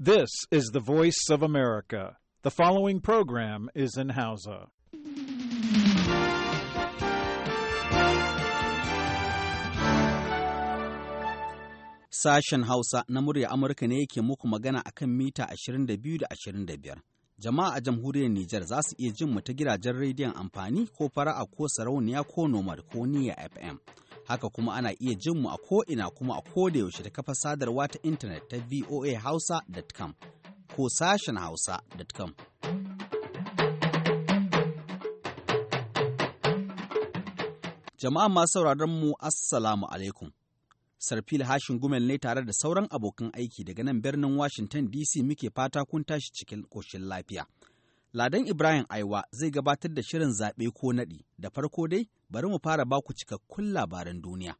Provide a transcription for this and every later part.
This is the voice of America. The following program is in Hausa. Sashen Hausa na murya Amurka ne yake muku magana a kan mita 22 da 25. Jama'a a jamhuriyar Nijar za su iya jin mu ta gidajen rediyon amfani ko fara'a ko sarauniya ko nomad ko niya FM. haka kuma ana iya jin mu a ko'ina kuma a koda yaushe ta kafa sadarwa ta intanet ta voahausa.com ko sashen hausa.com. Jama'a masu sauraron mu Assalamu alaikum. Sarfil Hashin Gumel ne tare da sauran abokan aiki daga nan birnin Washington DC muke fata kun tashi cikin koshin lafiya. Ladan Ibrahim Aiwa zai gabatar da shirin zaɓe ko naɗi da farko dai bari mu fara baku cikakkun labaran duniya.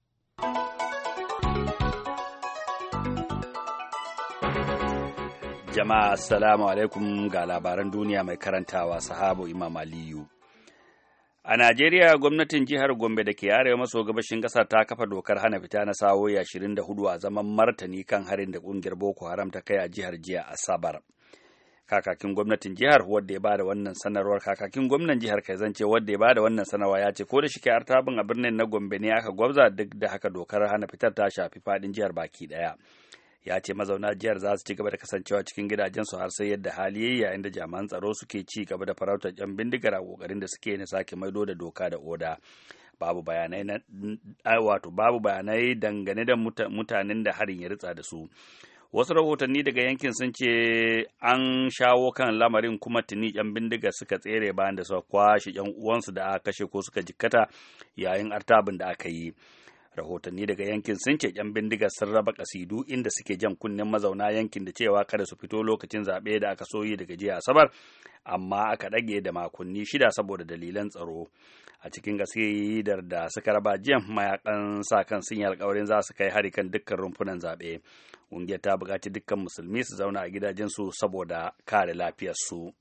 Jama'a Assalamu alaikum ga labaran duniya mai karantawa sahabu Imam Aliyu. A Najeriya gwamnatin jihar Gombe da ke arewa maso gabashin ƙasar ta kafa dokar hana fita na sawoyi 24 a zaman martani kan harin da ƙungiyar Boko Haram ta kai a jihar jiya Asabar. kakakin gwamnatin jihar wadda ya bada wannan sanarwar kakakin gwamnan jihar kai zance wadda ya bada wannan sanarwa ya ce ko da shike artabin a birnin na Gombe ne aka gwabza duk da haka dokar hana fitar ta shafi fadin jihar baki daya ya ce mazauna jihar za su ci gaba da kasancewa cikin gidajen su har sai yadda hali yayi yayin da jami'an tsaro suke ci gaba da farautar yan bindigar a kokarin da suke ne sake maido da doka da oda babu bayanai na wato babu bayanai dangane da mutanen da harin ya ritsa da su wasu rahotanni daga yankin sun ce an shawo kan lamarin kuma tuni yan bindiga suka tsere bayan da suka kwashe yan uwansu da aka kashe ko suka jikkata yayin artabin da aka yi rahotanni daga yankin sun ce yan bindigar sun raba kasidu inda suke jan kunnen mazauna yankin da cewa kada su fito lokacin zaɓe da aka soyi daga jiya asabar amma aka ɗage da makonni shida saboda dalilan tsaro a cikin gasidar da suka raba jiyan mayakan sa kan sun yi alkawarin za su kai hari kan dukkan rumfunan zaɓe ƙungiyar ta bukaci dukkan musulmi su zauna a gidajensu saboda kare lafiyarsu.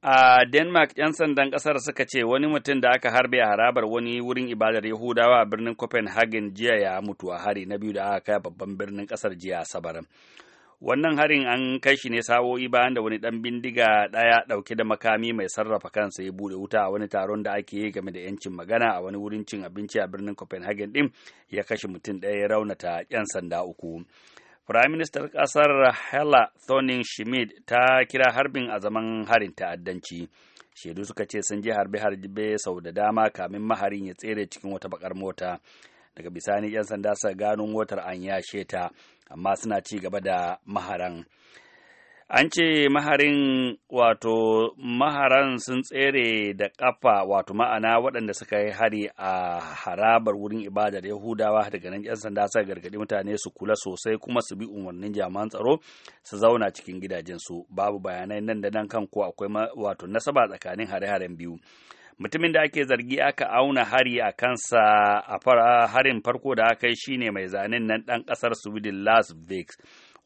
A Denmark, 'yan sandan kasar suka ce wani mutum da aka harbe a harabar wani wurin ibadar Yahudawa a birnin Copenhagen jiya ya mutu a hari na biyu da aka kai babban birnin kasar jiya a Asabar. Wannan harin an kai shi ne sawoyi bayan da wani dan bindiga ɗaya dauke da makami mai sarrafa kansa ya bude wuta a wani taron da ake yi game da 'yancin magana a wani wurin cin abinci a birnin Copenhagen din ya kashe mutum ɗaya ya raunata 'yan sanda uku. Firaministan ƙasar Hela Thonin Schmidt ta kira harbin a zaman harin ta'addanci. Shaidu suka ce sun je harbe-harbe sau da dama kamin maharin ya tsere cikin wata bakar mota. Daga bisani 'yan sanda suka gano motar an yashe ta, amma suna ci gaba da maharan. an ce maharin wato maharan sun tsere da ƙafa wato ma'ana waɗanda suka yi hari a harabar wurin ibadar yahudawa daga nan 'yan sanda suka gargaɗi mutane su kula sosai kuma su bi umarnin jami'an tsaro su zauna cikin gidajensu babu bayanai nan da nan kan ko akwai wato nasaba tsakanin hare-haren biyu mutumin da ake zargi aka auna hari a kansa a harin farko da aka yi shine mai zanen nan ɗan ƙasar sweden las vegas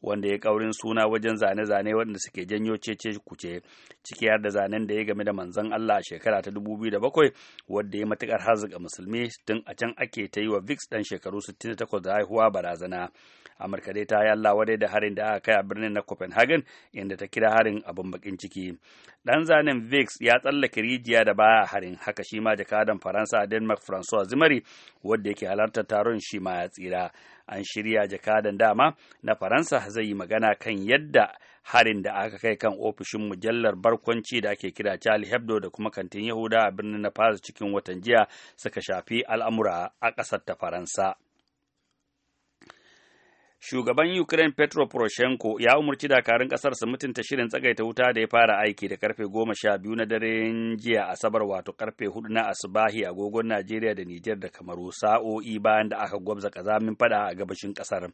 wanda ya kaurin suna wajen zane-zane waɗanda suke janyo cece kuce ciki har da zanen da ya game da manzon Allah a shekara ta 2007 wanda ya matukar harzuka musulmi tun a can ake ta yi wa Vix dan shekaru 68 da haihuwa barazana Amurka dai ta yi Allah wadai da harin da aka kai a birnin na Copenhagen inda ta kira harin abin bakin ciki dan zanen Vix ya tsallake rijiya da baya harin haka shi ma jakadan Faransa a Denmark François Zimari wanda yake halartar taron shi ma ya tsira an shirya jakadan dama na faransa zai yi magana kan yadda harin da aka kai kan ofishin mujallar barkwanci da ake kira charlie hebdo da kuma kantin yahuda a birnin na cikin watan jiya suka shafi al'amura a ƙasar ta faransa shugaban Ukraine Petro Poroshenko ya umarci dakarun kasar su mutunta shirin tsagaita wuta da ya fara aiki da karfe goma sha biyu na daren jiya Asabar wato karfe hudu na asubahi agogon Najeriya da Nijar da Kamaru sa'o'i bayan da aka gwabza kazamin fada a gabashin kasar.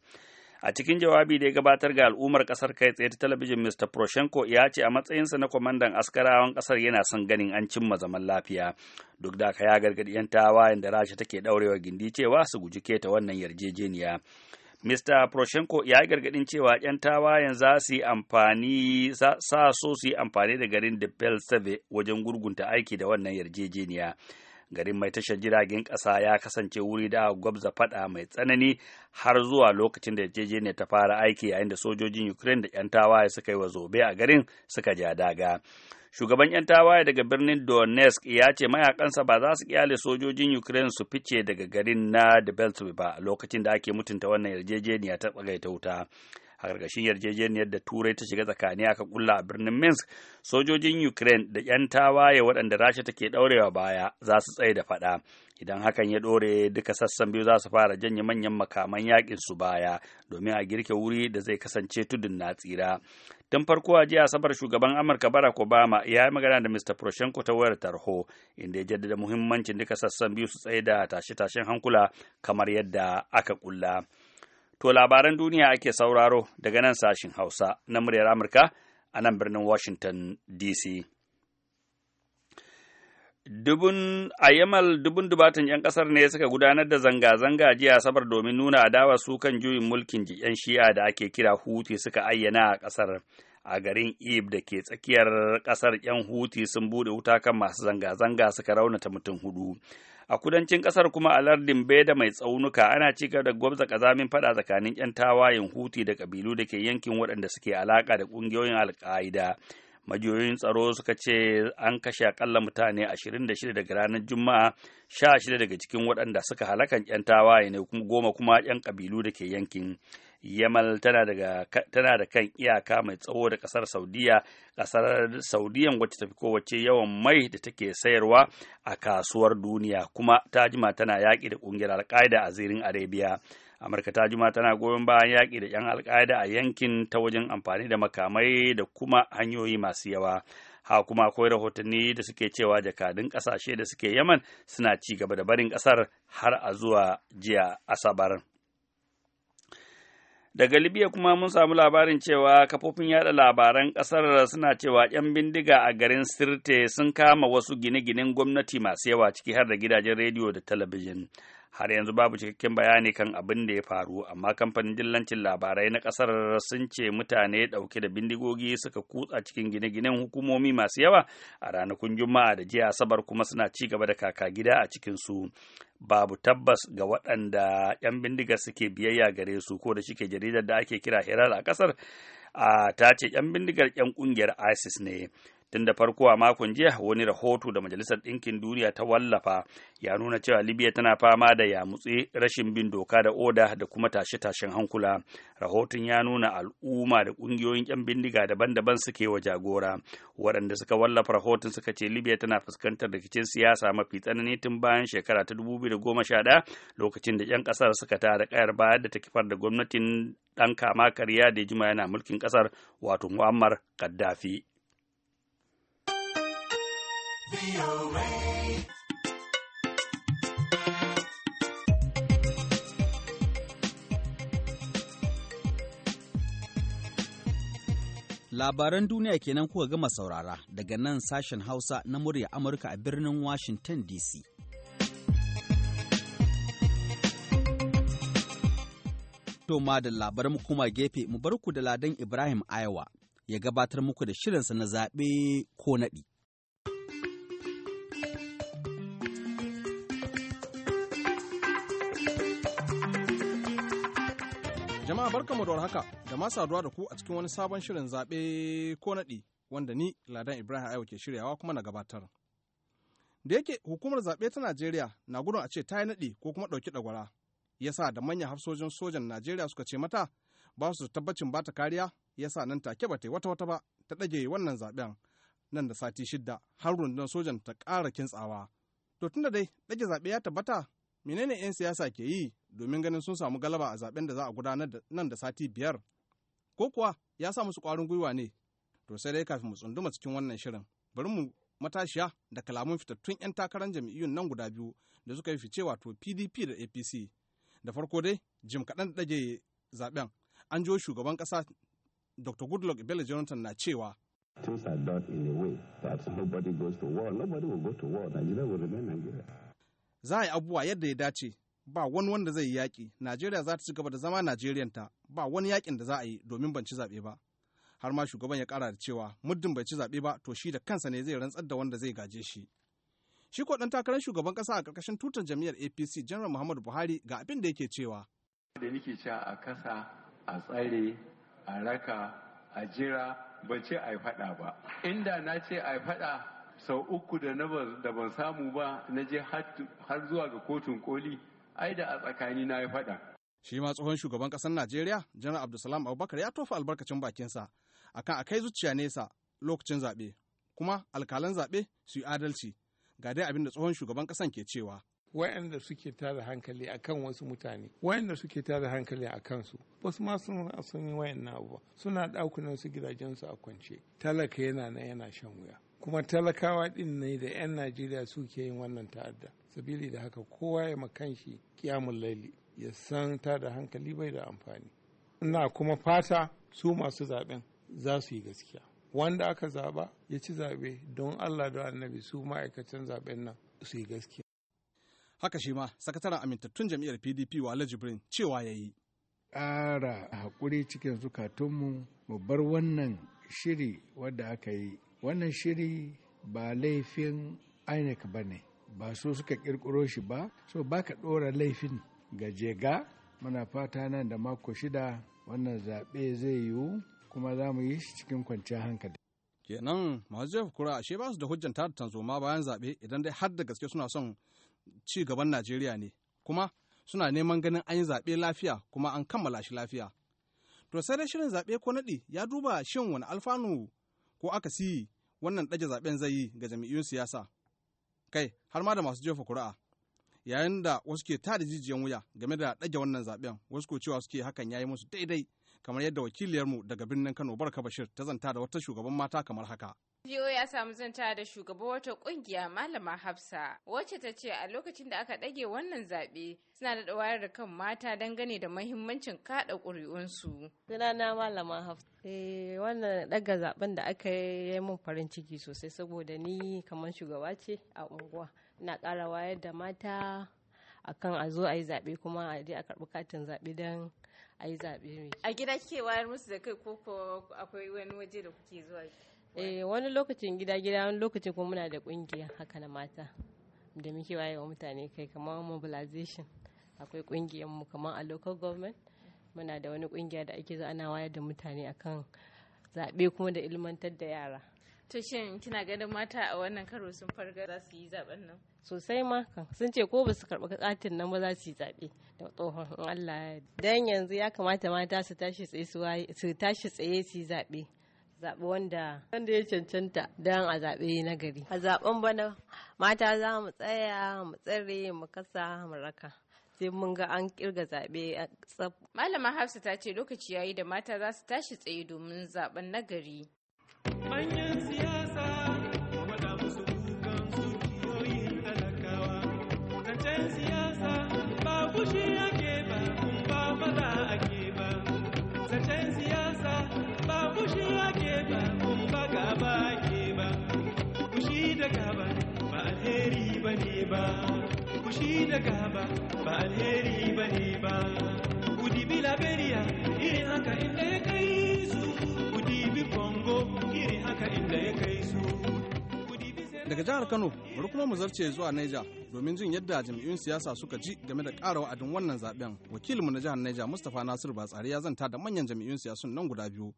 A cikin jawabi da ya gabatar ga al'ummar kasar kai tsaye ta talabijin Mr. Poroshenko ya ce a matsayinsa na kwamandan askarawan kasar yana son ganin an cimma zaman lafiya. Duk da haka ya gargadi 'yan tawayen da Rasha take ɗaurewa gindi cewa su guji keta wannan yarjejeniya. Mr. Poroshenko ya yi gargaɗin cewa 'yan tawayen za su yi amfani sa so su yi amfani da garin da Belsebe wajen gurgunta aiki da wannan yarjejeniya. Garin mai tashar jiragen ƙasa ya kasance wuri da gwabza faɗa mai tsanani har zuwa lokacin da yarjejeniyar ta fara aiki yayin da sojojin Ukraine da 'yan tawaye suka yi wa zobe a garin suka ja daga. shugaban 'yan tawaye daga birnin donetsk ya ce mayakansa ba za su kyale sojojin ukraine su fice daga garin na debeltsov ba lokacin da ake mutunta wannan yarjejeniya ta tsagaita wuta a ƙarƙashin yarjejeniyar da turai ta shiga tsakani aka kulla a birnin minsk sojojin ukraine da 'yan tawaye waɗanda rasha take ɗaurewa baya za su tsaye da faɗa idan hakan ya ɗore duka sassan biyu za su fara janye manyan makaman yakin su baya domin a girke wuri da zai kasance tudun na tsira tun farko a jiya asabar shugaban amurka barack obama ya yi magana da mr poroshenko ta wayar tarho inda ya jaddada muhimmancin duka sassan biyu su tsaye da tashe-tashen hankula kamar yadda aka kulla to labaran duniya ake sauraro daga nan sashin hausa na muryar amurka a nan birnin washington dc dubun a Yamal dubun dubatan 'yan kasar ne suka gudanar da zanga-zanga jiya sabar domin nuna adawa su kan juyin mulkin 'yan shi'a da ake kira huti suka ayyana a ƙasar, a garin ib da ke tsakiyar ƙasar 'yan huti sun bude wuta kan masu zanga-zanga suka raunata mutum hudu a kudancin ƙasar kuma a lardin beda mai tsaunuka ana ci gaba da gwabza kazamin faɗa tsakanin 'yan tawayen huti da kabilu da ke yankin waɗanda suke alaka da ƙungiyoyin alka'ida majiyoyin tsaro suka ce an kashe akalla mutane 26 daga ranar juma'a 16 daga cikin waɗanda suka halakan 'yan tawaye ne kuma goma kuma 'yan ƙabilu da ke yankin yamal tana, da kan iyaka mai tsawo da ƙasar saudiya ƙasar saudiyan wacce tafi kowace yawan mai da take sayarwa a kasuwar duniya kuma ta jima tana yaƙi da ƙungiyar alƙaida a zirin arabia amurka ta juma tana goyon bayan yaƙi da 'yan alƙa'ida a yankin ta wajen amfani da makamai da kuma hanyoyi masu yawa ha kuma akwai rahotanni da suke cewa jakadun ƙasashe da suke yaman suna ci gaba da barin ƙasar har a zuwa jiya asabar daga libya kuma mun samu labarin cewa kafofin yada labaran kasar suna cewa 'yan bindiga a garin sirte sun kama wasu gine-ginen gwamnati masu yawa ciki har da gidajen rediyo da talabijin har yanzu babu cikakken bayani kan abin da ya faru amma kamfanin dillancin labarai na kasar sun ce mutane dauke da bindigogi suka kutsa cikin gine-ginen hukumomi masu yawa a ranakun juma'a da jiya asabar kuma suna ci gaba da kaka gida a cikin su babu tabbas ga waɗanda 'yan bindigar suke biyayya gare su ko da shike jaridar da ake kira hirar a kasar a ta ce 'yan bindigar 'yan kungiyar isis ne tun da farko a makon jiya wani rahoto da majalisar ɗinkin duniya ta wallafa ya nuna cewa libya tana fama da yamutse rashin bin doka da oda da kuma tashe-tashen hankula rahoton ya nuna al'umma da ƙungiyoyin 'yan bindiga daban-daban suke wa jagora waɗanda suka wallafa rahoton suka ce libya tana fuskantar rikicin siyasa mafi tsanani tun bayan shekara ta 2011 lokacin da 'yan ƙasar suka tara ƙayar bayar da ta kifar da gwamnatin ɗan kama karya da jima yana mulkin ƙasar wato muammar gaddafi Labaran duniya kenan kuka gama saurara daga nan sashen Hausa na murya Amurka a birnin Washington DC. To ma da labaran kuma gefe mu barku da ladan Ibrahim Ayawa ya gabatar muku da shirinsa na zaɓe ko naɗi. Jama'a barkamu da haka da ma saduwa da ku a cikin wani sabon shirin zaɓe ko naɗi wanda ni Ladan Ibrahim Ayo ke shiryawa kuma na gabatar. Da yake hukumar zaɓe ta Najeriya na gudun a ce ta yi naɗi ko kuma ɗauki ɗagwara. Yasa da manyan hafsojin sojan Najeriya suka ce mata ba su tabbacin ba ta kariya yasa nan take ba ta wata wata ba ta ɗage wannan zaɓen nan da sati shidda har rundunar sojan ta ƙara kintsawa. To tunda dai ɗage zaɓe ya tabbata menene 'yan siyasa ke yi domin ganin sun samu galaba a zaben da za a gudanar nan da sati biyar ko kuwa ya sa musu kwarin gwiwa ne to sai dai kafin mu tsunduma cikin wannan shirin bari mu matashiya da kalamun fitattun 'yan takarar jam'iyyun nan guda biyu da suka yi fice wato pdp da apc da farko dai jim kaɗan da ɗage zaben an jo shugaban ƙasa dr goodluck bello jonathan na cewa Things are done in a way that nobody goes to war. Nobody will go to war. Nigeria will remain Nigeria. za a yi abubuwa yadda ya dace ba wani wanda zai yi yaƙi najeriya za ta ci gaba da zama najeriyan ta ba wani yaƙin da za a yi domin ban ci zaɓe ba har ma shugaban ya ƙara da cewa muddin bai ci zaɓe ba to shi da kansa ne zai rantsar da wanda zai gaje shi shi ko ɗan takarar shugaban ƙasa a ƙarƙashin tutar jam'iyyar apc janar muhammadu buhari ga abin da yake cewa da nake cewa a kasa a tsare a raka a jira ban ce a yi faɗa ba inda na ce a yi faɗa sau uku da da ban samu ba na je har zuwa ga kotun koli ai da a tsakani na yi faɗa. shi ma tsohon shugaban ƙasar najeriya janar abdulsalam abubakar ya tofa albarkacin bakinsa akan a kai zuciya nesa lokacin zaɓe kuma alkalan zaɓe su yi adalci ga dai abin da tsohon shugaban ƙasan ke cewa wayanda suke tara hankali akan wasu mutane wayanda suke tara hankali a kansu wasu ma sun sun wayan wayannan abubuwa suna ɗakunan su gidajensu a kwance talaka yana na yana shan wuya kuma talakawa din ne da 'yan najeriya suke yin wannan ta'adda sabili da haka kowa ya makanshi kiyamun laili ya san ta da hankali bai da amfani ina kuma fata su masu zaben za su yi gaskiya wanda aka zaba ya ci zaɓe don allah da annabi su ma'aikatan zaben nan su yi gaskiya haka shi ma sakataren amintattun jam'iyyar pdp wala jibrin cewa ya yi ƙara haƙuri cikin zukatunmu mu bar wannan shiri wadda aka yi wannan shiri ba laifin inec ba ne ba su suka kirkiro shi ba so ba ka ɗora laifin ga jega muna fata nan da mako shida wannan zaɓe zai yiwu kuma za mu yi shi cikin kwanciyar hankali kenan masu jefa kura ashe ba su da hujjan da tanzoma bayan zaɓe idan dai har da gaske suna son ci gaban najeriya ne kuma suna neman ganin an yi zaɓe lafiya kuma an kammala shi lafiya to sai dai shirin zaɓe ko naɗi ya duba shin wani alfanu ko aka siyi wannan ɗage zaɓen zai yi ga jam'iyyun siyasa kai har ma da masu jefa kuri'a yayin da wasu ke tada jijiyan wuya game da ɗage wannan zaɓen, wasu ko cewa suke hakan yayi musu daidai kamar yadda wakiliyarmu daga birnin Kano Barka Bashir ta zanta da wata shugaban mata kamar haka. Biyo ya samu zanta da shugaban wata kungiya Malama Hafsa, wacce ta ce a lokacin da aka ɗage wannan zaɓe suna da wayar da kan mata dangane da mahimmancin kaɗa ƙuri'unsu. Sunana Malama Hafsa. Eh, wannan ɗaga zaɓen da aka yi min farin ciki sosai saboda ni kamar shugaba ce a unguwa. Ina ƙara wayar da mata akan a zo a yi zaɓe kuma a je a karɓi katin zaɓe don a yi zaɓe A gida kike wayar musu da kai ko akwai wani waje da kuke zuwa? eh wani lokacin gida gida wani lokacin kuma muna da kungiya haka na mata da muke waye wa mutane kai kamar mobilization akwai kungiyar mu kamar a local government muna da wani kungiya da ake ana wayar da mutane akan zaɓe kuma da ilmantar da yara to shin kina ganin mata a wannan karo sun farga za su yi zaben nan sosai ma kan sun ce ko ba su karɓi katin nan ba za su yi zaɓe da tsohon Allah ya dan yanzu ya kamata mata su tashi tsaye su tashi tsaye su yi zaɓe zaɓi wanda wanda ya cancanta don a zaɓe na gari. A zaɓen bana mata za mu tsaya mu tsare mu kasa mu raka. sai mun ga an kirga zaɓe a tsab. Malama Hafsa ta ce lokaci yayi da mata za su tashi tsaye domin zaɓen nagari. jihar Kano bari kuma mu zarce zuwa Niger domin jin yadda jam'iyyun siyasa suka ji game da ƙara wa'adin wannan zaben. Wakilinmu na jihar Niger Mustapha Nasiru Batsari ya zanta da manyan jami'in siyasun nan guda biyu.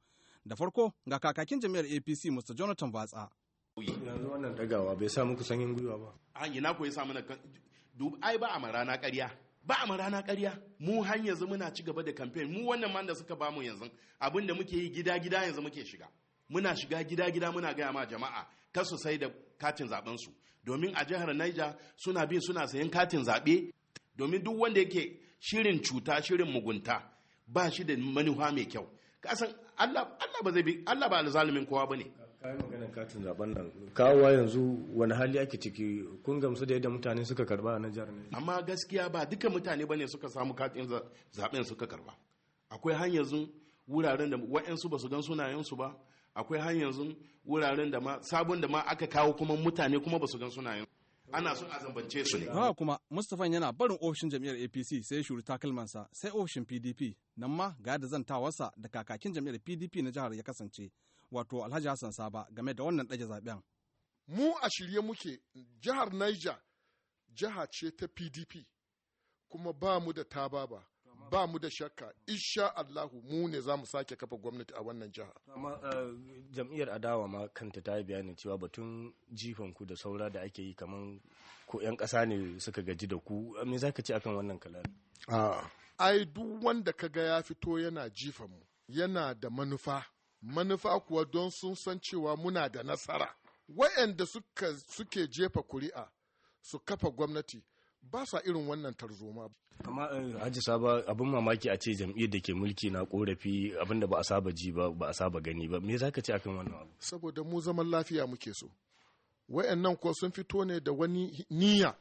Da farko ga kakakin jami'ar APC Mr. Jonathan Batsa. Yanzu wannan dagawa bai sa muku sanyin gwiwa ba. A ina ko ya sa mana ai ba a marana ƙarya. ba a rana karya mu har yanzu muna ci gaba da kamfen mu wannan man da suka bamu yanzu abin da muke yi gida gida yanzu muke shiga muna shiga gida-gida muna gaya ma jama'a ta su sai da katin zaɓensu domin a jihar Niger suna bi suna sayan katin zaɓe domin duk wanda yake shirin cuta shirin mugunta ba shi da manufa mai kyau kasan Allah ba zai bi Allah ba alzalimin kowa bane kai maganar katin zaben nan kawowa yanzu wani hali ake ciki kun gamsu da yadda mutane suka karba a Niger ne amma gaskiya ba duka mutane bane suka samu katin zaben suka karba akwai hanyar wuraren da wa'ansu ba su gan sunayensu ba akwai har yanzu wuraren da ma sabon da ma aka kawo kuma mutane kuma ba su gan yin ana son a su ne. Haka kuma Mustapha yana barin ofishin jam'iyyar APC sai ya takalman takalmansa sai ofishin PDP nan ma ga da zantawarsa da kakakin jam'iyyar PDP na jihar ya kasance wato Alhaji Hassan Saba game da wannan ɗage zaben. Mu a shirye muke jihar Niger jiha ce ta PDP kuma ba mu da tababa ba mu da shakka isha Allahu mu ne za mu sake kafa gwamnati a wannan jiha amma uh, jam'iyyar adawa ma kanta ta yi bayanin cewa batun jifan ku da saura da ake yi kaman ko yan ƙasa ne suka gaji da ku me za ka ce akan wannan kalan? a ai duk wanda kaga ya fito yana jifan mu yana da manufa manufa kuwa don sun san cewa muna da nasara wayanda suke jefa kuri'a su kafa gwamnati ba sa irin wannan tarzoma amma eh, hajji saba abin mamaki a ce jam'iyyar da ke mulki na korafi abin da ba a saba ji ba ba a saba gani ba me zaka ce akan wannan abu saboda mu zaman lafiya muke so wayannan ko sun fito ne da wani niyya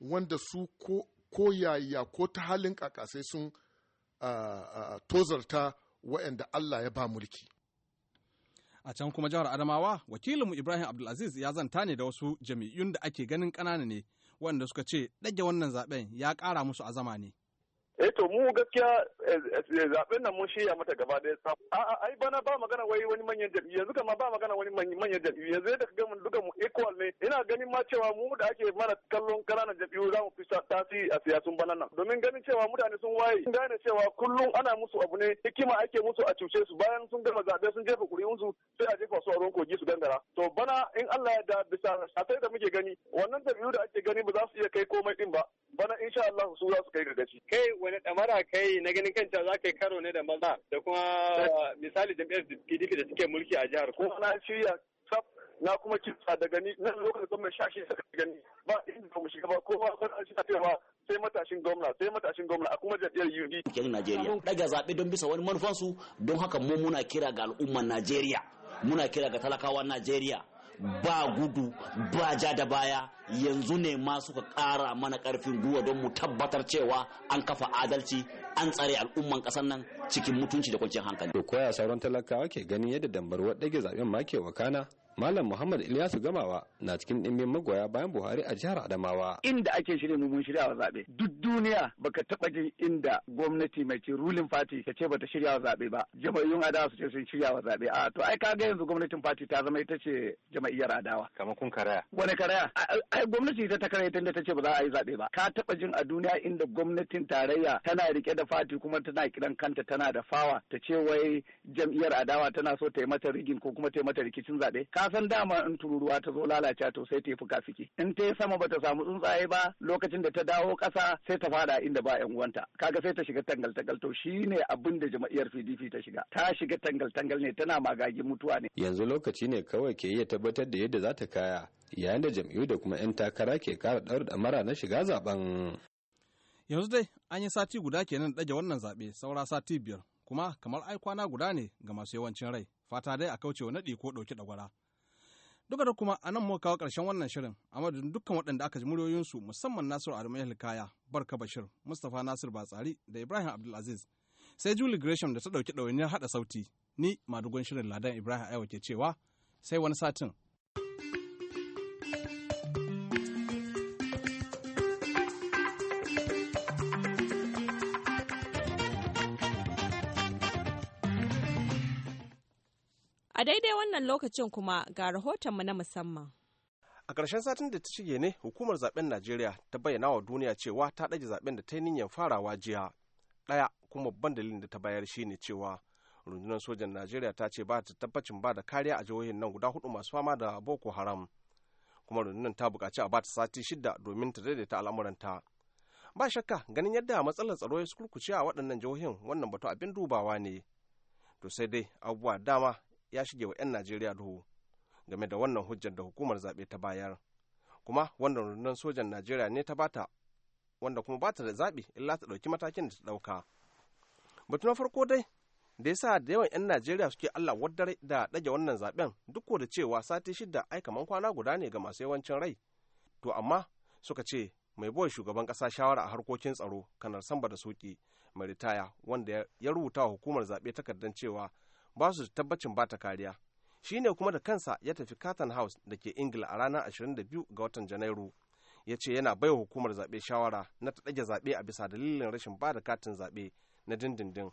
wanda su ko ko yaya ko ta halin kakasai sun tozarta wayanda Allah ya ba mulki a can kuma jihar Adamawa wakilinmu Ibrahim Abdulaziz ya zanta ne da wasu jami'un da ake ganin ƙanana ne wanda suka ce ɗage wannan zaɓen ya ƙara musu azama ne. eh to mu gaskiya eh, eh, zaben nan mun shirya mata gaba da a a'a ai bana ba magana wai wani manyan jam'iyyu yanzu kama ba magana wani manyan jam'iyyu yanzu yadda kaga mun duka mu equal ne ina ganin ma cewa mu da ake mara kallon kananan jam'iyyu za mu fi tasiri a siyasun bana nan domin ganin cewa mutane sun waye sun gane cewa kullum ana musu abu ne hikima ake musu a cuce su bayan sun gama zabe sun jefa kuri'unsu sai a jefa su a ruwan kogi su gangara to bana in Allah ya da bisa sai da muke gani wannan jam'iyyu da ake gani ba za su iya kai komai din ba bana insha Allah su za su kai gagaci kai wani damara kai na ganin kanta za ka yi karo ne da maza da kuma misali jam'iyyar PDP da suke mulki a jihar ko na shirya tsaf na kuma kitsa da gani na lokacin gwamnati shashi da daga gani ba inda ba mu shiga ba kowa ba an shi cewa sai matashin gwamna sai matashin gwamna a kuma jam'iyyar UD kenan Najeriya daga zabe don bisa wani manufansu don haka mu muna kira ga al'ummar Najeriya muna kira ga talakawan Najeriya ba gudu ba ja da baya yanzu ne ma suka ƙara mana ƙarfin guwa don mu tabbatar cewa an kafa adalci an tsare al'umman ƙasar nan cikin mutunci da kwanciyar hankali. To koya sauran talakawa ke ganin yadda dambarwar ɗage zaɓen ma ke wakana Malam Muhammad Ilyasu Gamawa na cikin ɗimbin magoya bayan Buhari a jihar Adamawa. Inda ake shirya mun shirya wa zaɓe. Duk duniya baka taɓa jin inda gwamnati mai ce ruling party ta ce bata shirya wa zaɓe ba. Jama'iyyun adawa su ce sun shirya wa zaɓe. A to ai kaga yanzu gwamnatin party ta zama ita ce jama'iyyar adawa. Kamar kun karaya. Wani karaya? Ai gwamnati ita ta karaya tunda ta ce ba za a yi zaɓe ba. Ka taɓa jin a duniya inda gwamnatin tarayya tana rike da fati kuma tana kiran kanta tana da fawa ta ce wai jam'iyyar adawa tana so ta yi mata rigin ko kuma ta yi mata rikicin zaɓe. san dama in tururuwa ta zo lalace to sai ta yi fuka fiki in ta yi sama bata samu tsuntsaye ba lokacin da ta dawo ƙasa sai ta fada inda ba yan uwanta kaga sai ta shiga tangal tangal to shine abin da jama'iyar PDP ta shiga ta shiga tangal tangal ne tana magagi mutuwa ne yanzu lokaci ne kawai ke iya tabbatar da yadda za ta kaya yayin da jam'iyyu da kuma 'yan takara ke kara da mara na shiga zaben yanzu dai an yi sati guda kenan ɗage wannan zaɓe saura sati biyar kuma kamar ai kwana guda ne ga masu yawancin rai fata dai a kauce wa naɗi ko ɗauki ɗagwara. Duka da kuma a nan muka kawo ƙarshen wannan shirin, a madadin dukkan waɗanda aka ji muryoyinsu musamman Nasiru Adamu kaya Barka Bashir, Mustapha Nasir Batsari da Ibrahim Abdulaziz. Sai Julie Gresham da ta ɗauki ɗawainiyar haɗa sauti, ni madugon shirin Ladan Ibrahim Aiwa ke cewa sai wani satin. A daidai wannan lokacin kuma ga rahotonmu na musamman. A ƙarshen satin da ta shige ne hukumar zaben Najeriya ta bayyana wa duniya cewa ta ɗage zaben da ta yi niyyar farawa jiya. Ɗaya kuma babban dalilin da ta bayar shi ne cewa rundunar sojan Najeriya ta ce ba ta tabbacin ba da kariya a jihohin nan guda hudu masu fama da Boko Haram. Kuma rundunar ta buƙaci a ba ta sati shida domin ta daidaita al'amuranta. Ba shakka ganin yadda matsalar tsaro ya kurkuce a waɗannan jihohin wannan batu abin dubawa ne. To sai dai abubuwa dama ya shige wa 'yan najeriya duhu game da wannan hujjar da hukumar zaɓe ta bayar kuma wanda rundunar sojan najeriya ne ta bata wanda kuma bata da zaɓi illa ta ɗauki matakin da ta ɗauka batu na farko dai da yasa da yawan 'yan najeriya suke allah waddare da ɗage wannan zaɓen duk da cewa sati shida ai kaman kwana guda ne ga masu yawancin rai to amma suka ce mai boy shugaban ƙasa shawara a harkokin tsaro kanar samba da soki mai ritaya wanda ya rubuta wa hukumar zaɓe takardar cewa ba su tabbacin ba ta kariya shi ne kuma da kansa ya tafi Carton House da ke Ingila a ranar 22 ga watan Janairu. Ya ce yana baiwa hukumar zaɓe shawara na ta ɗage zaɓe a bisa dalilin rashin ba da katin zaɓe na dindindin.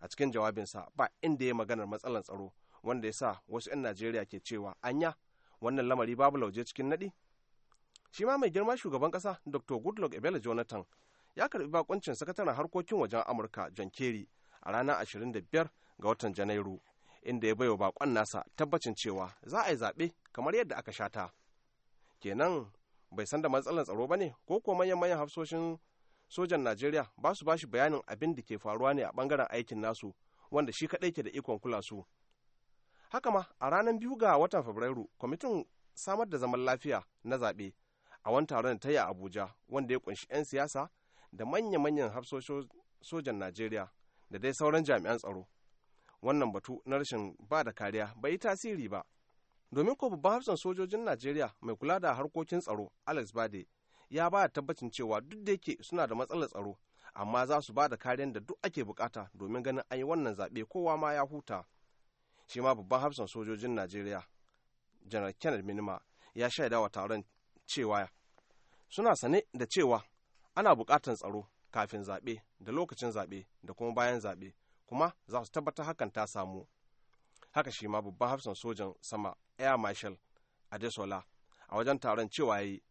A cikin jawabinsa ba inda ya maganar matsalar tsaro wanda ya sa wasu 'yan Najeriya ke cewa anya wannan lamari babu lauje cikin naɗi. Shi ma mai girma shugaban ƙasa Dr. Goodluck Ebele Jonathan ya karɓi bakuncin sakataren harkokin wajen Amurka John Kerry a ranar 25 ga watan janairu inda ya baiwa bakon nasa tabbacin cewa za a yi zaɓe kamar yadda aka shata kenan bai san da matsalar tsaro ba ne ko kuwa manyan manyan hafsoshin sojan najeriya ba su ba shi bayanin abin da ke faruwa ne a bangaren aikin nasu wanda shi kaɗai ke da ikon kula su haka ma a ranar biyu ga watan fabrairu kwamitin samar da zaman lafiya na zaɓe a wani taron ta yi a abuja wanda ya kunshi 'yan siyasa da manya-manyan hafsoshin sojan najeriya da dai sauran jami'an tsaro wannan batu na rashin ba da kariya bai yi tasiri ba domin ko babban hafsan sojojin najeriya mai kula da harkokin tsaro alex bade ya ba tabbacin cewa duk da yake suna da matsalar tsaro amma za su ba da kariyar da duk ake bukata domin ganin an yi wannan zaɓe kowa ma ya huta shi ma babban hafsan sojojin najeriya janar kenneth minima ya shaida wa taron cewa suna sane da cewa ana bukatan tsaro kafin zaɓe da lokacin zaɓe da kuma bayan zaɓe kuma za su tabbatar hakan ta samu haka shi ma babban hafsan sojan sama air marshal adesola a wajen taron cewa yayi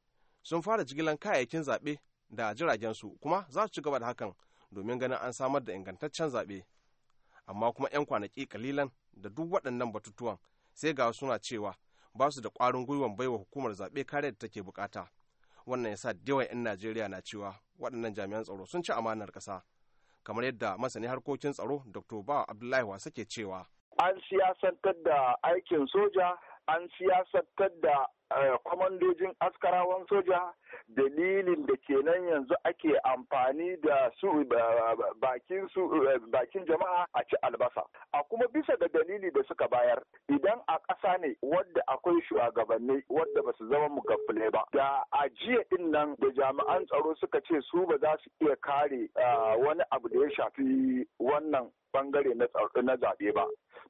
sun fara jigilan kayayyakin zaɓe da jiragensu kuma za su ci gaba da hakan domin ganin an samar da ingantaccen zaɓe amma kuma 'yan kwanaki kalilan da duk waɗannan batutuwan sai ga suna cewa ba su da ƙwarin gwiwan baiwa hukumar zaɓe kare da take bukata wannan yasa da yawan 'yan najeriya na cewa waɗannan jami'an tsaro sun ci amanar ƙasa kamar yadda masani harkokin tsaro dr ba abdullahi wasa ke cewa an siyasantar da aikin soja an siyasantar da eh, kwamandojin askarawan soja dalilin da kenan yanzu ake amfani da su bakin su bakin jama'a a ci albasa a kuma bisa ga dalili da suka bayar idan a ƙasa ne wadda akwai shugabanni wadda ba su zama mugaffule ba da a jiya din nan da jami'an tsaro suka ce su ba za su iya kare wani abu da ya shafi wannan bangare na zaɓe ba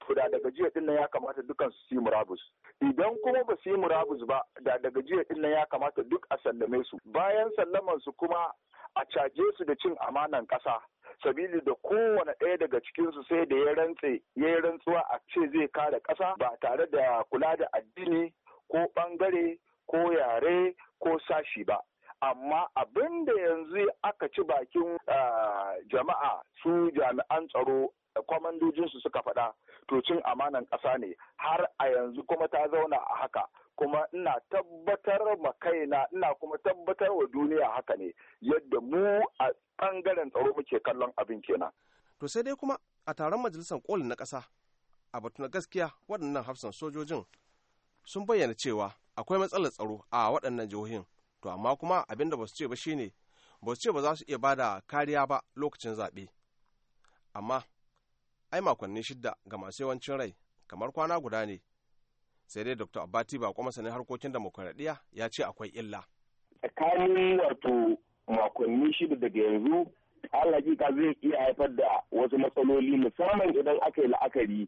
to da daga jiya din nan ya kamata dukan su yi murabus idan kuma ba su yi murabus ba da daga jiya din nan ya kamata duk a sallame same su bayan sallaman su kuma a caje su da cin amanan ƙasa sabili da kowane ɗaya daga cikinsu sai da ya rantse ya yi rantsuwa a ce zai kare ƙasa ba tare da kula da addini ko ɓangare ko yare ko sashi ba amma abin da yanzu aka ci bakin ah, jama'a su jami'an tsaro kwamandojinsu suka faɗa to cin amanan ƙasa ne har a yanzu kuma ta zauna a haka kuma ina tabbatar ma kaina ina kuma tabbatar wa duniya haka ne yadda mu a bangaren tsaro muke kallon abin kenan. To sai dai kuma a taron majalisar kolin na ƙasa a batu na gaskiya waɗannan hafsan sojojin sun bayyana cewa akwai matsalar tsaro a waɗannan jihohin to amma kuma abin da ba su ce ba shine ba su ce ba za su iya bada kariya ba lokacin zaɓe amma ai makonni shida ga masu yawancin rai kamar kwana guda ne sai dai dr abati kuma sanin harkokin demokuraɗiyya ya ce akwai illa tsakanin wato makonni shida daga yanzu alhaƙiƙa zai iya haifar da wasu matsaloli musamman idan aka yi la'akari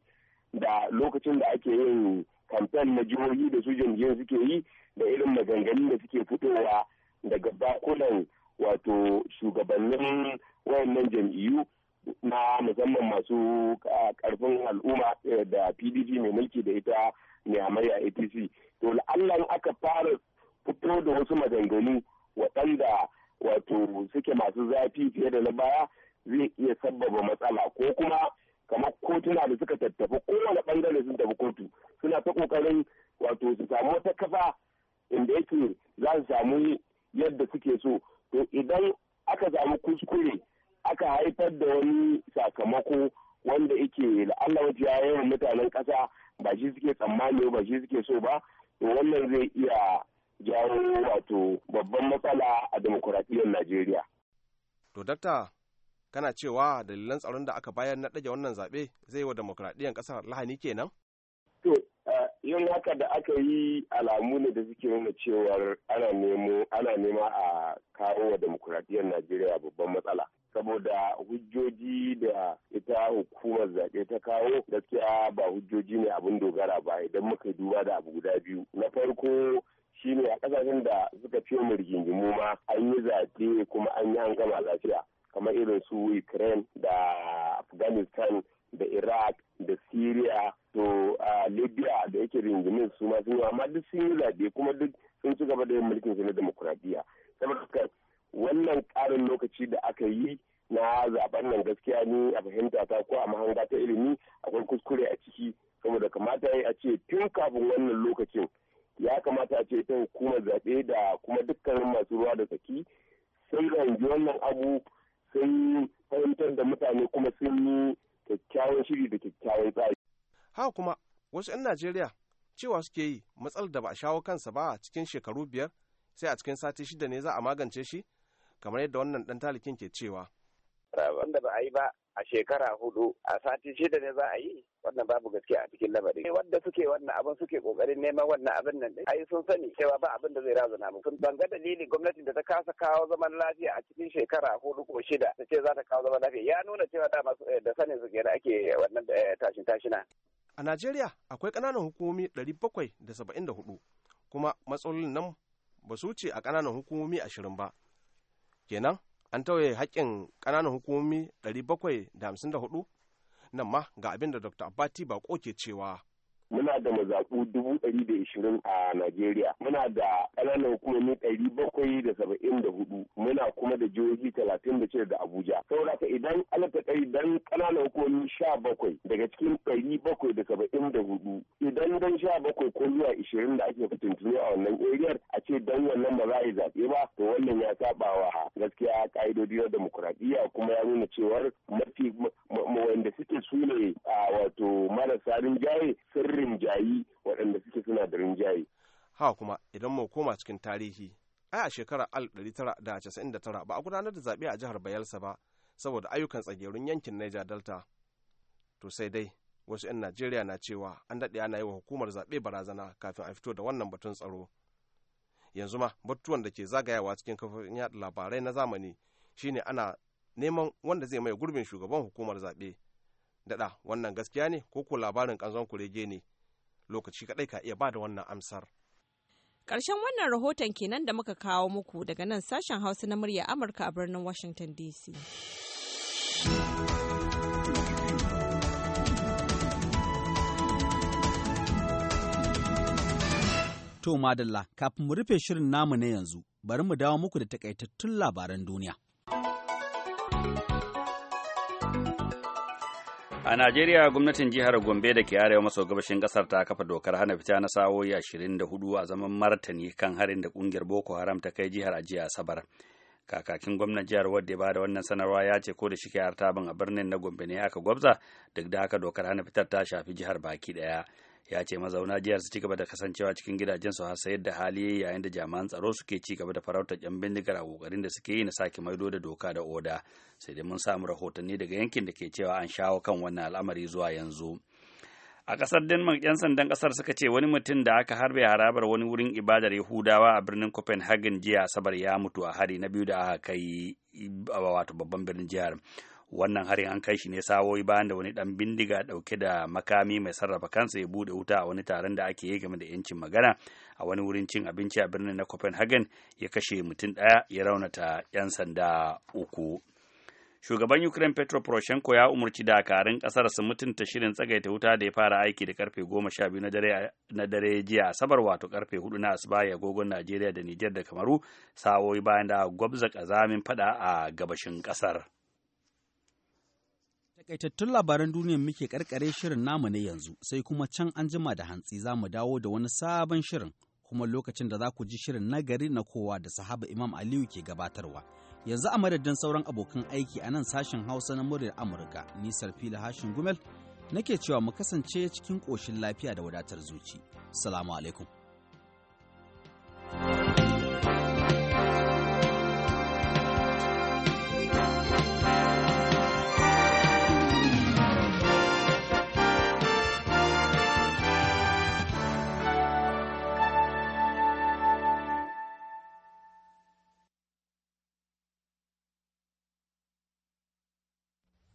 da lokacin da ake yin kamfen na jihohi da su jam'iyyar suke yi da irin maganganun da suke fitowa daga bakunan wato shugabannin wayannan jam'iyyu na musamman masu karfin al'umma eh, da pdp mai mulki da ita ne a mai a apc to la'allan aka fara fito da wasu maganganu waɗanda wato suke masu zafi fiye da na baya zai iya sabbaba matsala ko kuma kamar kotuna da suka tattafi kowane bangare sun tafi kotu suna ta kokarin wato su samu wata kafa inda yake za su samu yadda suke so to idan aka samu kuskure aka haifar da wani sakamako wanda yake la'alla ya yawan mutanen ƙasa ba shi suke tsammani ba shi suke so ba to wannan zai iya jawo wato babban matsala a demokuraɗiyyar najeriya to dakta kana cewa dalilan tsaron da aka bayar na ɗage wannan zaɓe zai wa demokuraɗiyyar ƙasar lahani kenan to yin haka da aka yi alamu ne da suke nuna cewar ana nema a kawo wa demokuraɗiyyar najeriya babban matsala saboda hujjoji da ita hukumar zaɓe ta kawo gaskiya ba hujjoji ne abin dogara ba idan muka yi duba da abu guda biyu na farko shine a ƙasashen da suka fi mu rigingimu ma an yi zaɓe kuma an yi an gama lafiya kamar irin su ukraine da afghanistan da iraq da syria to libya da yake rigingimin su ma sun yi amma duk sun yi zaɓe kuma duk sun ci gaba da yin mulkin su na demokuraɗiyya wannan ƙarin lokaci da aka yi na zaben nan gaskiya ni a fahimta ta ko a mahanga ta ilimi akwai kuskure a ciki saboda kamata a ce tun kafin wannan lokacin ya kamata a ce tun hukumar zaɓe da kuma dukkanin masu ruwa da tsaki sun rangi wannan abu sun fahimtar da mutane kuma sun yi kyakkyawan shiri da kyakkyawan tsari. Haka kuma wasu 'yan Najeriya cewa suke yi matsalar da ba a shawo kansa ba cikin shekaru biyar sai a cikin sati shida ne za a magance shi kamar yadda wannan dan talikin ke cewa. Rabon da ba a yi ba a shekara hudu a sati shida ne za a yi wannan babu gaskiya a cikin lamarin wanda suke wannan abin suke kokarin neman wannan abin nan a ai sun sani cewa ba abin da zai razana mu sun banga dalilin gwamnatin da ta kasa kawo zaman lafiya a cikin shekara hudu ko shida ta ce za ta kawo zaman lafiya ya nuna cewa dama eh, da sanin su kenan ake wannan eh, tashin tashina a Najeriya akwai ƙananan hukumomi da hudu kuma matsalolin nan ba su wuce a ƙananan hukumomi ashirin ba kenan an tauye haƙƙin ƙananan hukumomi 754 nan ma ga abin da dr abbati bako ke cewa muna da mazaƙu dubu ɗari da ishirin a Najeriya, muna da ƙananan hukumomi ɗari bakwai da saba'in da hudu, muna kuma da jihohi talatin da shida da Abuja. Saboda idan alata ɗari dan ƙananan hukumomi sha bakwai daga cikin ɗari bakwai da saba'in da hudu, idan dan sha bakwai ko zuwa ishirin da ake fitintunu a wannan eriyar a ce dan wannan ba za a yi zaɓe ba, to wannan ya saɓa wa gaskiya ƙa'idodi na demokuraɗiyya kuma ya nuna cewar mafi wanda suke sune a wato marasa rinjaye sun rinjayi waɗanda suke suna da rinjaye. Ha kuma idan mu koma cikin tarihi ai a shekarar tara ba a gudanar da zaɓe a jihar Bayelsa ba saboda ayyukan tsagerun yankin Niger Delta. To sai dai wasu 'yan Najeriya na cewa an daɗe ana yi wa hukumar zaɓe barazana kafin a fito da wannan batun tsaro. Yanzu ma batuwan da ke zagayawa cikin kafofin yaɗa labarai na zamani shine ana neman wanda zai mai gurbin shugaban hukumar zaɓe daɗa wannan gaskiya ne ko ko labarin ƙanzon kurege ne lokaci kaɗai ka iya ba da wannan amsar ƙarshen wannan rahoton kenan da muka kawo muku daga nan sashen hausa na murya amurka a birnin washington dc To Madalla, kafin mu rufe shirin namu na yanzu, bari mu dawo muku da takaitattun labaran duniya. A Najeriya gwamnatin jihar Gombe da ke arewa maso gabashin kasar ta kafa dokar hana fita na sa'o'i hudu a zaman martani kan harin da kungiyar Boko Haram ta kai jihar a Asabar. Kakakin gwamnan jihar wadda ba da wannan sanarwa ya ce ko da shike har taban a birnin na Gombe ne aka gwabza duk da haka dokar hana fitar ta shafi jihar baki ɗaya. ya ce mazauna jihar su ci gaba da kasancewa cikin gidajensu har sayar da hali yayin da jami'an tsaro suke ci gaba da farautar yan bindigar a kokarin da suke yi na sake maido da doka da oda sai dai mun samu rahotanni daga yankin da ke cewa an shawo kan wannan al'amari zuwa yanzu a kasar denmark yan sandan kasar suka ce wani mutum da aka harbe harabar wani wurin ibadar yahudawa a birnin copenhagen jiya asabar ya mutu a hari na biyu da aka kai wato babban birnin jihar wannan harin an kai shi ne sawoyi bayan da wani dan bindiga dauke da makami mai sarrafa kansa ya bude wuta a wani taron da ake yi game da yancin magana a wani wurin cin abinci a birnin na copenhagen ya kashe mutum daya ya raunata 'yan sanda uku shugaban ukraine petro poroshenko ya umarci dakarun kasar su mutunta shirin tsagaita wuta da ya fara aiki da karfe goma sha biyu na dare jiya asabar wato karfe hudu na asuba ya agogon najeriya da niger da kamaru sawoyi bayan da gwabza kazamin fada a gabashin kasar takaitattun labaran duniya muke karkare shirin namu na yanzu sai kuma can an jima da hantsi za mu dawo da wani sabon shirin kuma lokacin da za ku ji shirin nagari na kowa da sahaba imam aliyu ke gabatarwa yanzu a madadin sauran abokan aiki a nan sashen hausa na muryar amurka nisar fili hashin gumel nake cewa mu kasance cikin ƙoshin lafiya da wadatar zuci salamu alaikum